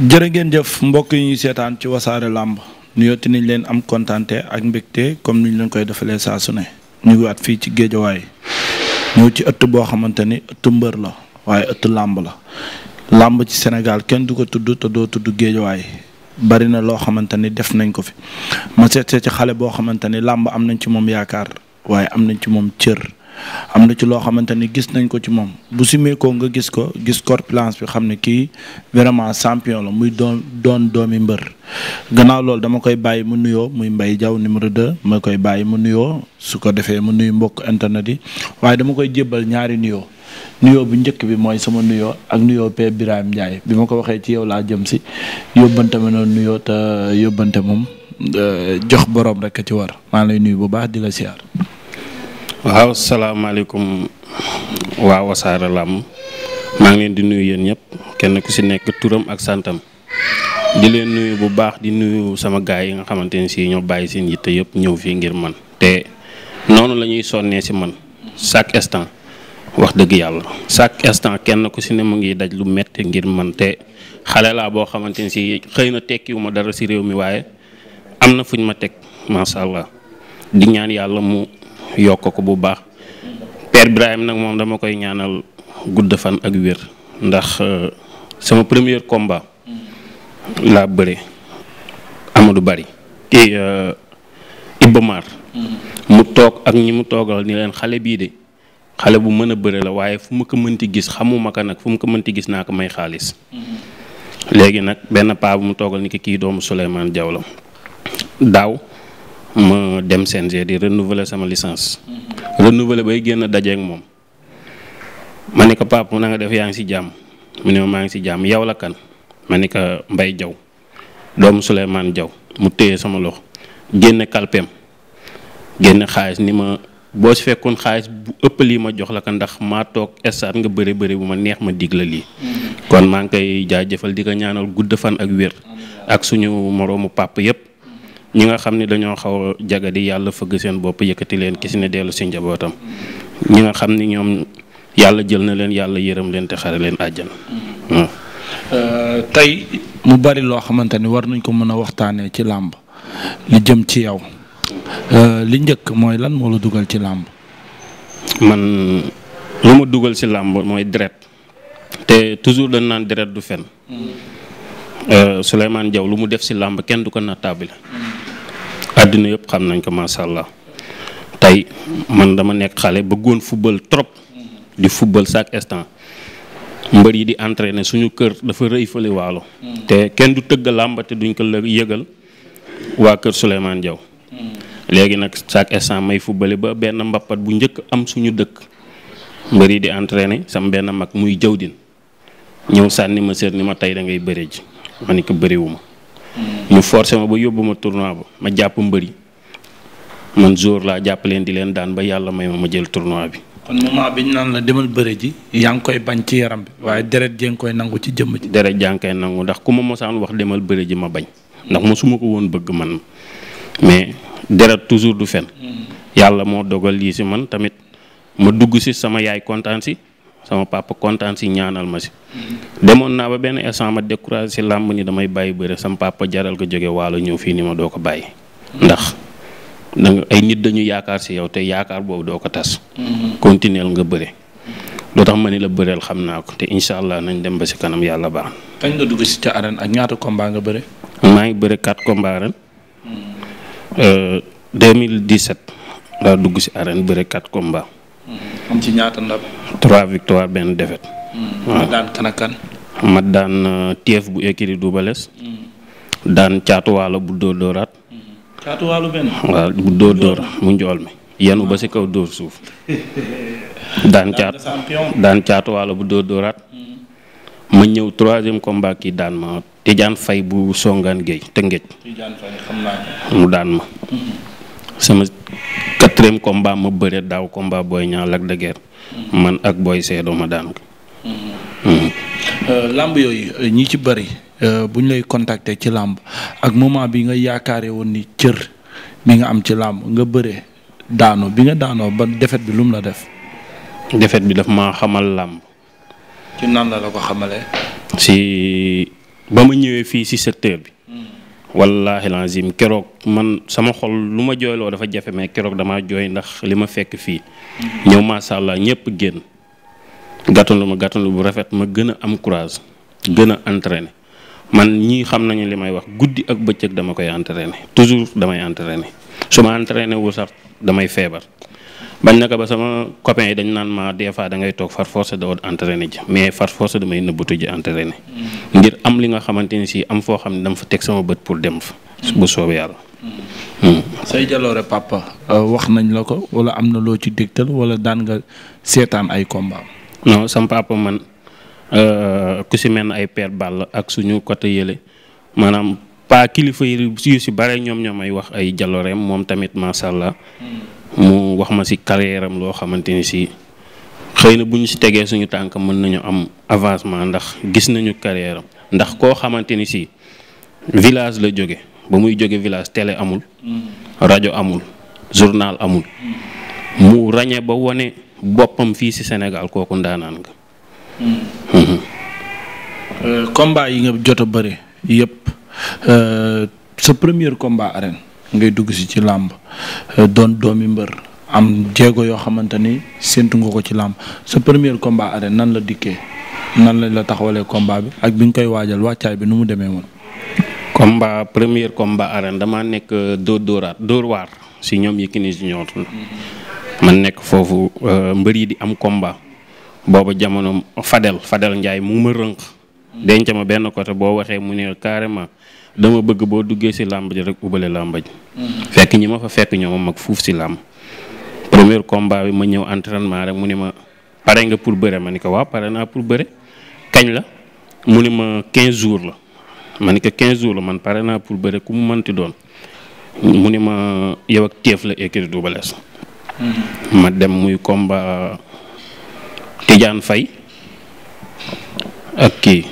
jërë ngeen jëf mbokk yi ñuy seetaan ci wasaare làmb nuyooti nañ leen am kontante ak mbégte comme ni ñu leen koy defalee saa su ne ñu ngi waat fii ci géejawaay ñëw ci ëtt boo xamante ni ëtt mbër la waaye ëtt làmb la làmb ci Sénégal kenn du ko tudd te doo tudd géejawaay bari na loo xamante ni def nañ ko fi ma seet ci xale boo xamante ni làmb am nañ ci moom yaakaar waaye am nañ ci moom cër am na ci loo xamante ni gis nañ ko ci moom bu simee nga gis ko gis corpulence bi xam ne kii vraiment champion la muy doon doon doomi mbër gannaaw loolu dama koy bàyyi mu nuyoo muy Mbaye Diaw numéro 2 ma koy bàyyi mu nuyoo su ko defee mu nuyu mbokk internet yi waaye dama koy jébbal ñaari nuyoo nuyoo bu njëkk bi mooy sama nuyoo ak nuyoo Père Birahim Ndiaye bi ma ko waxee ci yow laa jëm si yóbbante ma noonu nuyoo te yóbbante moom euh, jox borom rek a ci war maa lay nuyu bu baax di la siyaar waaw salaamaaleykum waa wasaare maa ngi leen di nuyu yéen ñëpp kenn ku si nekk turam ak santam di leen nuyu bu baax di nuyu sama gaa yi nga xamante ne si ñoo bàyyi seen yitte yëpp ñëw fii ngir man te noonu lañuy sonnee si man chaque instant wax dëgg yàlla chaque instant kenn ku si ne mu ngi daj lu metti ngir man te xale laa boo xamante ne si xëy na tekkiwu ma dara si réew mi waaye am na fuñ ma teg macha allah di ñaan yàlla mu. yokk ko bu baax Père Birahim nag moom dama koy ñaanal gudd fan ak wér ndax euh, sama premier combat laa bëre Amadou Bari kii euh, Ibba Mar mm-hmm. mu toog ak ñi mu toogal ni leen xale bii de xale bu mën a bëre la waaye fu ma ko mënti gis xamuma ko nag fu ma ko mënti gis naa ko may xaalis mm-hmm. léegi nag benn paa bu mu toogal ni ki kii doomu Souleymane Diaw la daaw ma dem CNG di renouveler sama licence. renouveler bay génn dajeeg moom. ma ne ko pap na nga def yaa ngi si jàmm mu ne ma maa ngi si jàmm yow la kan ma ne ko Mbaye Diaw doomu Souleymane Diaw mu téye sama loxo génne kalpeem génne xaalis ni ma boo si fekkoon xaalis bu ëpp lii ma jox la ko ndax maa toog estaat nga bëri bëri bu ma neex ma dig la lii. Mm-hmm. kon maa ngi koy jaajëfal di ko ñaanal gudd fan ak wér. ak suñu moroomu pap yëpp. ñi nga xam ne dañoo xaw a jagadi yàlla fëgg seen bopp yëkkati leen ki si ne dellu si njabootam ñi nga xam ni ñoom yàlla jël na leen yàlla yërëm leen te xare leen àjjana. Mm-hmm. Euh, tey mu bari loo xamante ni war nañ ko mën a waxtaanee ci làmb li jëm ci yow euh, li njëkk mooy lan moo la dugal ci làmb. man lu ma dugal ci làmb mooy deret te toujours dañ naan deret du fen mm-hmm. euh, Souleymane Diaw lu mu def ci làmb kenn du ko nattaabale. Mm-hmm. àddina yëpp xam nañ ko macha allah tey man dama nekk xale bëggoon football trop di football chaque instant mbër yi di entraîner suñu kër dafa rëy waalo te kenn du tëgg làmbate duñ ko yëgal waa kër Souleymane jaw léegi nag chaque instant may footballé ba benn mbappat bu njëkk am suñu dëkk mbër yi di entraîner sam benn mag muy jawdin ñëw sànni ma seet ni ma tey da ngay bëre ji ma ni ko ma ñu forcé ma ba yóbbu ma tournoi ba ma jàpp mbëri man jour laa jàpp leen di leen daan ba yàlla may ma ma jël tournoi bi. kon moment bi ñu naan la demal bëre ji. yaa ngi koy bañ ci yaram bi. waaye deret jee ngi koy nangu ci jëmm ji. deret jaa ngi koy nangu ndax ku ma mosaan wax demal bëre ji ma bañ ndax mosuma ko woon bëgg man mais deret toujours du fen mm. yàlla moo dogal lii si man tamit ma dugg si sama yaay kontaan si. sama papa kontaan si ñaanal ma si. demoon naa ba benn instant ma découragé si làmb ni damay bàyyi bëre sama papa jaral ko jóge waalo ñëw fii ni ma doo ko bàyyi. ndax da nga ay nit dañu yaakaar si yow te yaakaar boobu doo ko tas. continuer nga bëre. loo tax ma ni la bëreel xam naa ko te incha allah nañ dem ba si kanam yàlla baax na. kañ nga dugg si ca arène ak ñaata combat nga bëre. maa ngi bëre 4 combat ren. 2017 euh, laa dugg si arène bëre 4 combat. am ci ñaata ndam. trois victoire benn défaite. Hmm. waaw daan ma daan euh, TF bu écurie Double Less. Hmm. daan caatuwaalo bu dóor dóoraat. Hmm. caatuwaalo bu dóor dóor mu njool mi yanu ba ci kaw dóor suuf. daan caat bu dóor dóoraat. ma ñëw troisième combat kii daan ma Tidiane Faye bu Songane Gueye Tëngéej. Tidiane mu daan ma. sama quatrième combat ma bëre daaw combat booy Niang Lac de man ak booy Seedo ma daan ko. Mhm. Mhm. Euh, làmb yooyu euh, ñi ci bëri euh, bu ñu lay contacter ci làmb ak moment bi nga yaakaare woon ni cër bi nga am ci làmb nga bëre daanoo bi nga daanoo ba defet bi lum la def. defet bi daf ma xamal làmb. ci nan la la ko xamalee. si ba ma ñëwee fii si secteur bi. wallaahi lazim keroog man sama xol lu ma jooyloo dafa jafe mais keroog damaa jooy ndax li ma fekk fii. Mm-hmm. ñëw macha allah ñëpp génn gàttandu ma gàttandu bu rafet ma gën a am courage gën a entraîné man ñii xam nañu li may wax guddi ak bëccëg dama koy entraîné toujours damay entraîné su ma entraîné wu sax damay feebar. bañ naka ba sama copain yi dañ naan ma des fois da ngay toog far force doo entraîné ji mais far force damay nëbbatu ji entraîné mm. ngir am li nga xamante ni si am foo xam ne dama fa teg sama bët pour dem fa bu soobee yàlla mm. Mm. say jaloore papa euh, wax nañ la ko wala am na loo ci dégtal wala daan nga seetaan ay combat no sama papa man euh, ku si mel ne ay per Ball ak suñu côté yële maanaam pas kilifa yi yu si bare ñoom ñoom ay wax ay jalooreem moom tamit macha allah mu wax ma si carrière loo xamante ni si xëy na bu ñu si tegee suñu tànk mën nañu am avancement ndax gis nañu carrière ndax koo xamante ni si village la jóge ba muy jóge village télé amul mm. rajo amul journal amul mm. mu ràññee ba wane boppam fii si senegal kooku ndaanaan nga mm. mm-hmm. euh, combat yi nga jot a bëri yëpp euh, sa premier combat arène ngay dugg si ci làmb euh, doon doomi mbër am jéego yoo xamante ni séntu nga ko ci làmb sa première combat arène nan la dikkee nan lañ la taxawalee combat bi ak bi nga koy waajal wàccaay bi nu mu demee woon. combat premier combat arène dama nekk euh, dóor dóoraat dóor waar si ñoom Yékini Junior man nekk foofu euh, mbër yi di am combat boobu jamono Fadel Fadel Ndiaye mu ma rënk denc ma benn côté boo waxee mu ne carrément. dama bëgg boo duggee si làmbaj ji rek ubale làmb ji. fekk ñi ma fa fekk ñoo ma mag fuuf si làmb. premier combat bi ma ñëw entraînement rek mu ni ma pare nga pour bëre ma ni ko waaw pare naa pour bëre kañ la mu ne ma quinze jours la ma ni ko 15 jours man pare naa pour bëre ku mu mënti doon mu ni ma yow ak teef la écrit Double Less ma dem muy combat Tidiane fay ak ki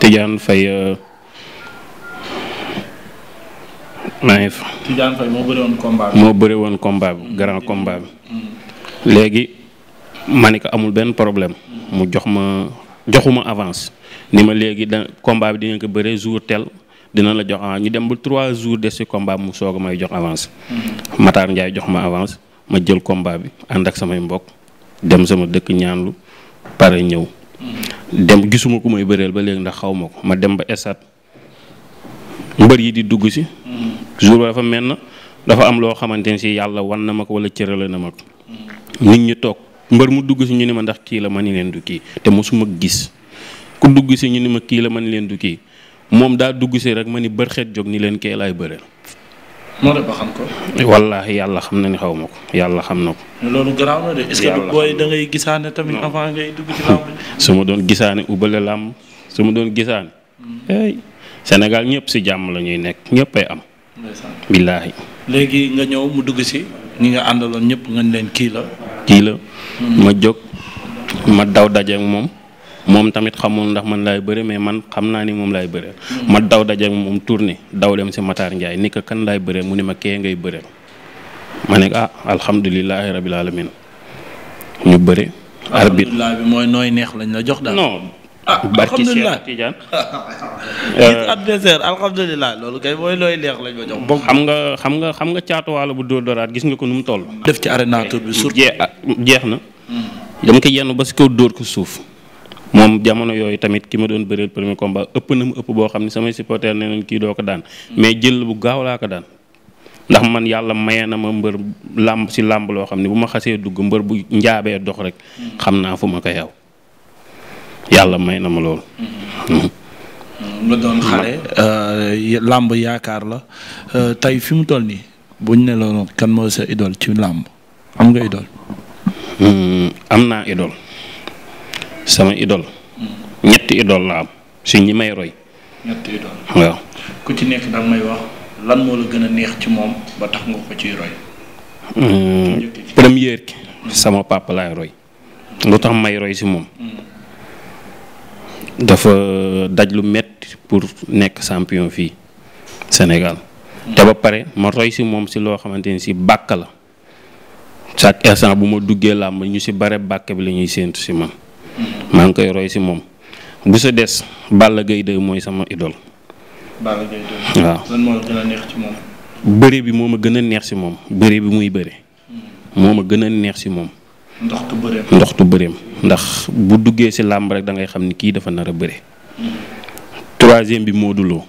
Tidiane fay euh, maa moo bëri woon combat bi. moo grand combat bi. léegi ma ne ko amul benn problème. mu jox ma joxuma avance. ni ma léegi da combat bi dina ko bëree jour tel dina la jox avance ah, ñu dem ba trois jours des ci combat mu soog may jox avance. Mm-hmm. Matar Ndiaye jox ma avance ma jël combat bi ànd ak samay mbokk dem sama dëkk ñaanlu pare ñëw. Mm-hmm. dem gisuma ku may bëreel ba léegi ndax xaw ma ko ma dem ba esat mbër yi di dugg ci jour ba dafa mel na dafa am loo xamante ne si yàlla wan na ma ko wala cërale na ma ko nit ñi toog mbër mu dugg si ñu ni ma ndax kii la ma ni leen du kii te mosuma gis ku dugg si ñu ni ma kii la ma ni leen du kii moom daa dugg si rek ma ni bër xet jóg ni leen kee laay bëreel. moo xam ko. wallaahi yàlla xam na ni xaw ma ko yàlla xam na ko. loolu garaaw na de. tamit avant ngay dugg su ma doon gisaane ubale làmb su ma doon gisaane. Mm. Sénégal ñëpp si jàmm la ñuy nekk ñëpp ay am. billaahi léegi nga ñëw mu dugg si ñi nga àndaloon ñëpp nga leen kii la. kii la hmm. ma jóg ma daw dajeeg moom moom tamit xamul ndax man laay bëre mais man xam naa ni moom laay bëre. Hmm. ma daw dajeeg moom turne daw dem si Matar Ndiaye ni ko kan laay bëre mu ne ma kee ngay bëre ma ne ah alhamdulilah rabil alamin ñu bëre. arbitre alhamdulilah bi mooy nooy neex lañ la jox daal. ah alhamdulilah Tidiane euh, adversaire alhamdulilah loolu kay mooy looy leex lañ ma jox. bokk xam nga xam nga xam nga caatuwaala bu dóor dóoraat gis nga ko nu mu toll. def ci arénateur bi surtout ah, jeex na. dam ko yenn ba si kaw dóor ko suuf. moom jamono yooyu tamit ki ma doon bëreel premier combat ëpp na mu ëpp boo xam ne samay supporters ne nañ kii doo ko daan. mais jël bu gaaw laa ko daan. ndax man yàlla maye na ma mbër làmb si làmb loo xam ne bu ma xasee dugg mbër bu njaabee dox rek. xam naa fu ma ko yaw yàlla may na ma loolu. nga doon xale. Euh, làmb yaakaar la euh, tey fi mu toll nii buñ ne loolu kan moo sa idole ci làmb am nga idole. Hmm, am naa idole sama idole. Hmm. ñetti idol la am si ñi may roy. ku ci nekk da may wax lan moo la gën a neex ci moom ba tax nga ko ciy roy. Hmm, première ki sama papa laay roy. lu tax may roy si moom. dafa daj lu metti pour nekk champion fii Sénégal. te ba pare ma roy si moom si loo xamante ni si bàkk la chaque instant bu ma duggee làmb ñu si bare bàkk bi lañuy ñuy séentu si man. maa ngi koy roy si moom bu sa des Balla Gaye 2 mooy sama idole. Balla Gaye moom. bi moo gën a neex si moom bëre bi muy bëre. Hmm. moo gën a neex si moom. ndoxtu bëreem ndoxtu bëreem. ndax bu duggee si làmb rek da ngay xam ni kii dafa nar a bëre. troisième bi mooduloo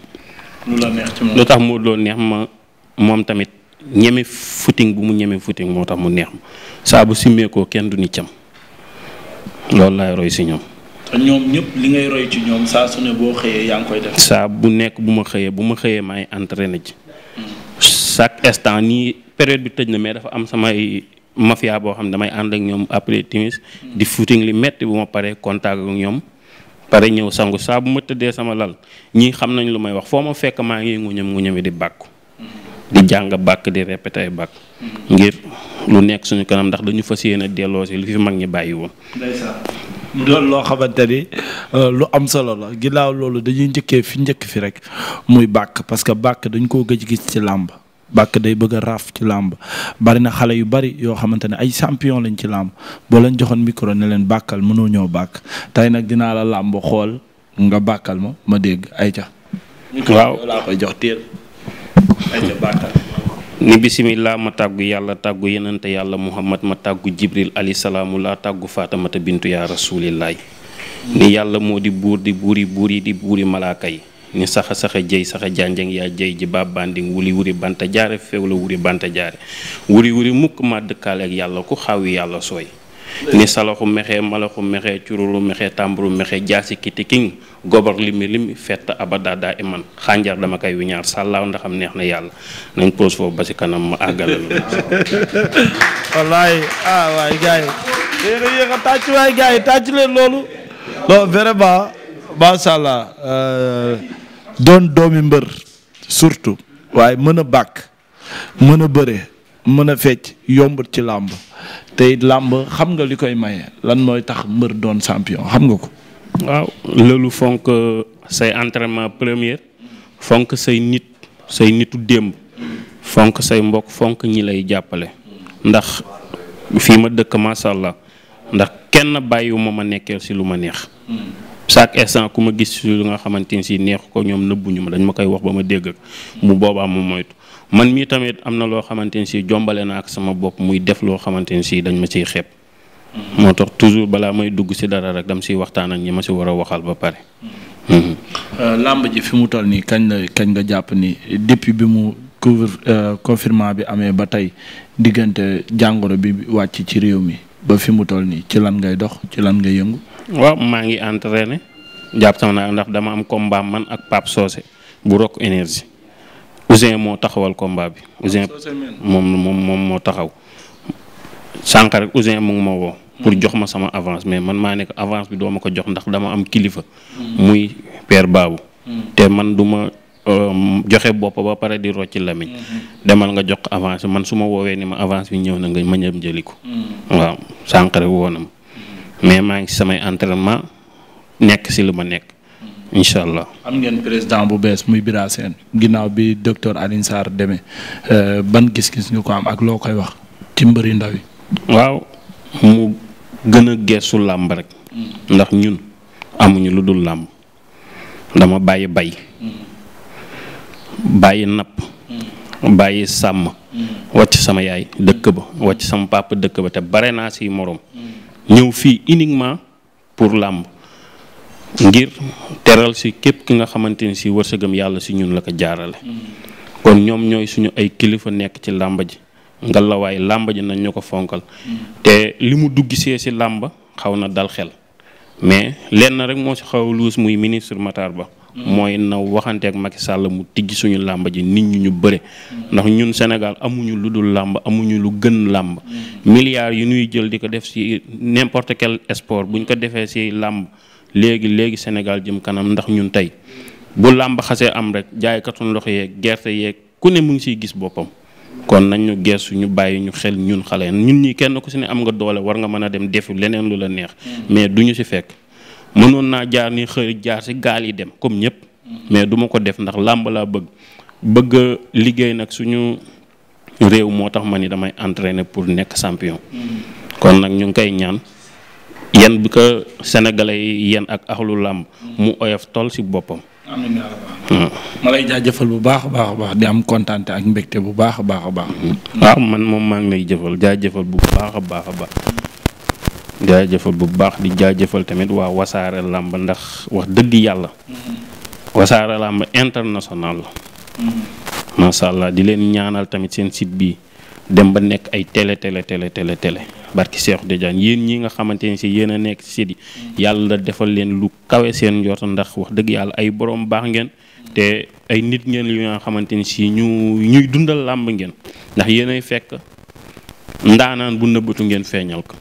lu tax Modou neex ma moom tamit ñeme footing bu mu ñeme footing moo tax mu neex ma saa bu simmee ko kenn du ni cam loolu laay roy si ñoom. te saa su ne boo xëyee yaa ngi koy def. saa bu nekk bu ma xëyee bu ma xëyee maay entraîné ji. Hmm. chaque instant nii période bi tëj na mais dafa am samay mafia boo xam ne damay ànd ak ñoom après timis di footing li metti bu ma paree contact ak ñoom pare ñëw sangu saa bu ma tëddee sama lal ñii xam nañ lu may wax foo ma fekk maa ngi nguñam nguñami di bàkku di jàng bàkk di répété ay bàkk ngir lu nekk suñu kanam ndax dañu fas yéene delloo lu fi mag ñi bàyyi woon loolu loo xamante ni euh, lu am solo la ginnaaw loolu dañuy njëkkee fi njëkk fi rek muy bàkk parce que bàkk dañ koo gëj gis ci làmb Bàkk day bëgg a raaf ci làmb bari na xale yu bari yoo xamante ne ay champion lañ ci làmb boo leen joxoon micro ne leen bàkkal mënoo ñëw bàkk tey nag dinaa làmb xool nga bàkkal ma ma dégg ay ca waaw laa ni bisimilaa ma tàggu yàlla tàggu yenente yàlla muhammad ma tàggu jibril ali salaamu laa tàggu faatamata bintu yaa rasulillaay ni yàlla moo di buur di buuri buur yi di buuri malaaka yi ni saxa saxa jey saxa janjang yaa jey ji ba banding wuli wuri banta jaare feew la wuri banta jaare wuri wuri mukk ma dëkkaale ak yàlla ku xaw yàlla sooy ni salaxu mexe malaxu mexe curulu mexe tàmburu mexe jaasi kiti king gobar limi limi fett abada daa iman xànjar dama koy wiñaar sàllaaw ndaxam neex na yàlla nañ pose foofu ba si kanam ma àggale lu wallaay ah waay gars a yéex a tàcc waay gars tàcc leen loolu non vraiment macha allah euh, doon doomi mbër surtout waaye mën a bàkk mën a bëre mën a fecc yombut ci làmb tey làmb xam nga li koy maye lan mooy tax mbër doon champion xam nga ko. waaw loolu fonk euh, say entraînement première fonk say nit say nitu démb fonk say mbokk fonk ñi lay jàppale ndax fi ma dëkk macha allah ndax kenn bàyyiwu ma ma nekkee si lu ma neex. chaque instant ku ma gis lu nga xamante ni si neexu ko ñoom nëbbuñu ma dañ ma koy wax ba ma dégg ak mu boobaa mu moytu man mii tamit am na loo xamante ni si jombale na ak sama bopp muy def loo xamante ni si dañ ma ciy xepp mm-hmm. moo tax toujours balaa may dugg si dara rek dam si waxtaan ak ñi ma si war a waxal ba pare. Mm-hmm. Mm-hmm. Euh, làmb ji fi mu toll nii kañ la kañ nga jàpp ni depuis bi mu couvre euh, confinement bi amee ba tey diggante jàngoro bi wàcc ci réew mi ba fi mu toll nii ci lan ngay dox ci lan ngay yëngu. waaw maa ngi entraîné jàpp sama naa ndax dama am combat man ak Pape Socé bu Rock Énergie Ouzin moo taxawal combat bi Ouzin moom moom moom moo taxaw sànq rek Ouzin mu ma woo pour hmm. jox ma sama avance mais man maa nekk avance bi doo ma ko jox ndax dama am kilifa hmm. muy père Babou hmm. te man duma euh, joxe bopp ba pare di rocci lamiñ demal nga jox avance man su ma woowee ni ma avance bi ñëw na nga ma ñëm jëli ko waaw sànq rek mais maa ngi samay entraînement nekk si lu ma nekk. incha allah am ngeen président bu bees muy Bira Sène ginnaaw bi docteur Alioune deme demee euh, ban gis-gis ñu ko am ak loo koy wax ci mbëri ndaw yi. waaw mu gën a geesu làmb rek. Mm. ndax ñun amuñu lu dul làmb dama bàyyi bay. Mm. bàyyi napp. Mm. bàyyi sàmm. wàcc sama yaay dëkk ba wàcc sama papa dëkk ba te bare naa si moroom ñëw fii uniquement pour làmb ngir teral si képp ki nga xamante ni si wërsëgam yàlla si ñun la ko jaarale kon ñoom ñooy suñu ay kilifa nekk ci làmb ji ngalawaay làmb ji nañ ñu ko fonkal te li mu dugg see si làmb xaw na dal xel mais lenn rek moo si xaw luus muy ministre Matar Ba mooy na waxanteeg Macky sàll mu tijj suñu làmb ji nit ñi ñu bëre. ndax ñun Sénégal amuñu lu dul làmb amuñu lu gën làmb. milliards yu ñuy jël di ko def si n'importe quel bu ñu ko defee si làmb léegi léegi Sénégal jëm kanam ndax ñun tey bu làmb xasee am rek jaaykatu ndox yeeg gerte yeeg ku ne mu ngi siy gis boppam. kon nañ ñu geesu ñu bàyyi ñu xel ñun xale ñun ñi kenn ku si ne am nga doole war nga mën a dem defi leneen lu la neex. Mm. mais duñu si fekk. mënoon naa jaar ni xëy jaar si gaal yi dem comme ñëpp. mais duma ko def ndax làmb laa bëgg bëgg liggéey nag suñu réew moo tax ma ni damay entraîner pour nekk champion. kon nag ñu ngi koy ñaan yan bi ko sénégalais yi yan ak axalu làmb mu oyof tool si boppam. ma jaajëfal bu baax a baax baax di am kontaante ak mbégte bu baax a baax a baax. waaw man moom maa ngi lay jëfal jaajëfal bu baax a baax a baax. jaajëfal bu baax di jaajëfal tamit waa wasaare làmb ndax wax dëgg yàlla. wasaare làmb international la. macha allah di leen ñaanal tamit seen sit bi dem ba nekk ay télé télé télé télé télé barki Cheikh Tidiane yéen ñi nga xamante ne si yéen a nekk si site yi. yàlla defal leen lu kawe seen njort ndax wax dëgg yàlla ay borom baax ngeen. te ay nit ngeen yu nga xamante ni si ñu ñuy dundal làmb ngeen. ndax yéenay fekk ndaanaan bu nëbbatu ngeen feeñal ko.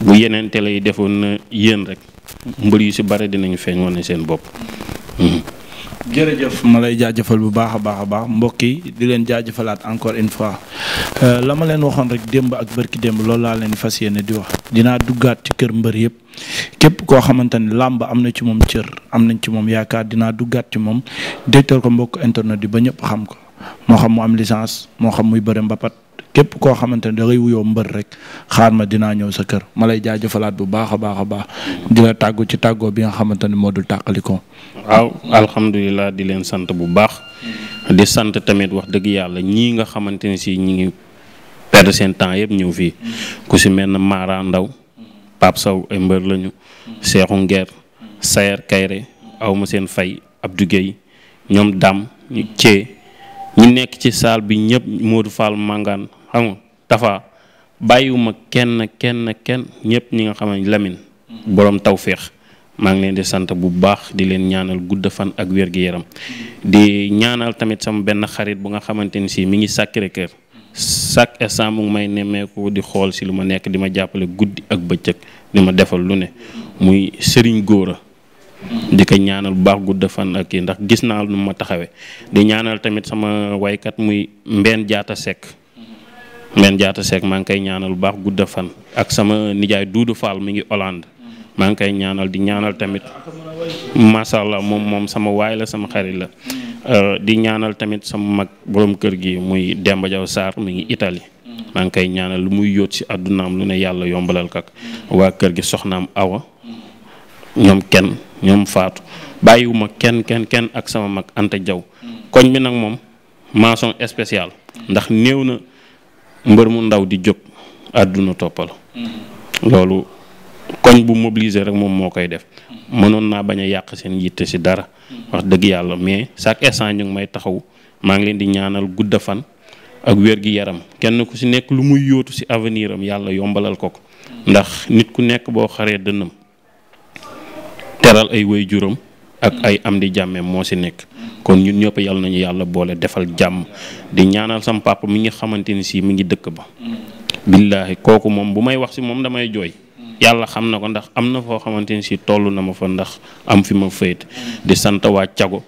bu yeneen télé yi defoon na yéen rek mbër yu si bare dinañu feeñ wane seen bopp. Hmm. jërëjëf ma lay jaajëfal bu baax a baax a baax mbokk yi di leen jaajëfalaat encore une fois euh, la leen waxoon rek démb ak bërki démb loolu laa leen fas yéene di wax dinaa duggaat ci kër mbër yëpp képp koo xamante ni làmb am na ci moom cër am nañ ci moom yaakaar dinaa duggaat ci moom dégtal ko mbokk internet yi ba ñëpp xam ko moo xam mu am licence moo xam muy bëre mbapat képp koo xamante ne da wuyoo mbër rek xaar ma dinaa ñëw sa kër ma lay jëfalaat bu baax a baax a baax di la tàggu ci tàggoo bi nga xamante ne moo dul tàqalikoo waaw alhamdulilah di leen sant bu baax mm-hmm. di sant tamit wax dëgg yàlla ñii nga xamante ne si ñi ngi perdre seen temps yëpp ñëw fii mm-hmm. ku si mel ne Mara Ndaw mm-hmm. Pape Sow ay mbër lañu Seexu nger sayar Kayre aw ma seen fay ab Gueye ñoom Dam ñu nekk ci saal bi ñëpp Modou Fall Mangane xam tafa bàyyiwuma kenn kenn kenn ñëpp ñi nga xam ne Lamine. borom tawféex maa ngi leen di sant bu baax di leen ñaanal gudd fan ak wér gi yaram di ñaanal tamit sama benn xarit bu nga xamante ni si mi ngi Sacré Cœur chaque mu may nemmeeku di xool si lu ma nekk di ma jàppale guddi ak bëccëg di ma defal lu ne muy Serigne Gora. di ko ñaanal bu baax gudd fan ak kii gis naa nu ma taxawee di tamit sama waykat muy Mbène jaata Seck. men jaata seek maa ngi koy ñaanal bu baax gudda fan ak sama nijaay Duudu faal mi ngi Hollande maa ngi koy ñaanal di ñaanal tamit macha allah moom moom sama waay la sama xarit la euh, di ñaanal tamit sama mag boroom kër gi muy Demba Jaw Sarr mi ngi itali maa ngi koy ñaanal lu muy yóot si àddunaam lu ne yàlla yombalal kak waa kër gi soxnaam awa ñoom kenn ñoom faatu bàyyiwuma kenn kenn kenn ak sama mag Anta Jaw koñ bi nag moom maçon spécial ndax néew na mbër mu ndaw di jóg àdduna toppal mm-hmm. loolu koñ bu mobiliser rek moom moo koy def mm-hmm. mënoon naa bañ a yàq seen yitte si dara mm-hmm. wax dëgg yàlla mais chaque instant ñu ngi may taxaw maa ngi leen di ñaanal gudda fan ak wér gi yaram kenn ku si nekk lu muy yootu si avenir am yàlla yombalal ko ko ndax nit ku nekk boo xaree dënnam teral ay way juróom ak ay am di jàmme moo si nekk kon ñu ñëpp yàlla nañu yàlla boole defal jàmm di ñaanal sam papa mi nga xamante ni si mi ngi dëkk ba billaahi kooku moom bu may wax si moom damay jooy yàlla xam na ko ndax am na foo xamante ni si toll na ma fa ndax am fi ma féet di sant waa cago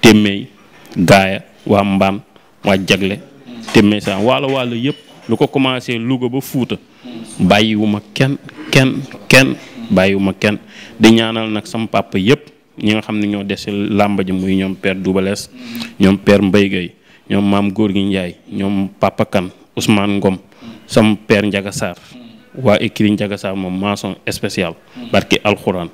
témméy gaaya waa mbaan waa jagle témméy sa waalo waalo yëpp lu ko commencé Louga ba Fuuta bàyyiwuma kenn kenn kenn bàyyiwuma kenn di ñaanal nag sam papa ñi nga xam ne ñoo des ci làmba muy ñoom père Doubales ñoom père Mbaye Gueye ñoom maam góor gi Ndiaye ñoom Papa Kane Ngom sam père Ndiaga Sarr waa écrit Ndiaga Sarr moom maçon spécial barki alxuraan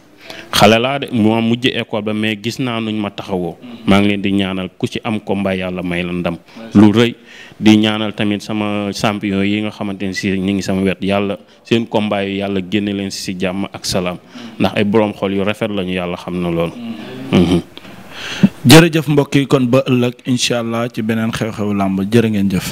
xale laa de moo mujj école ba mais gis naa nuñ ma taxawoo maa ngi leen di ñaanal ku ci am combat yàlla may la ndam lu rëy di ñaanal tamit sama champion yi nga xamante ne si ñu ngi sama wet yàlla seen combat yi yàlla génne leen si si jàmm ak salaam ndax ay boroom xol yu rafet lañu yàlla xam na loolu mm-hmm. Mm-hmm. jërëjëf mbokk yi kon ba ëllëg incha allah ci beneen xew-xewu làmb jërë ngeen jëf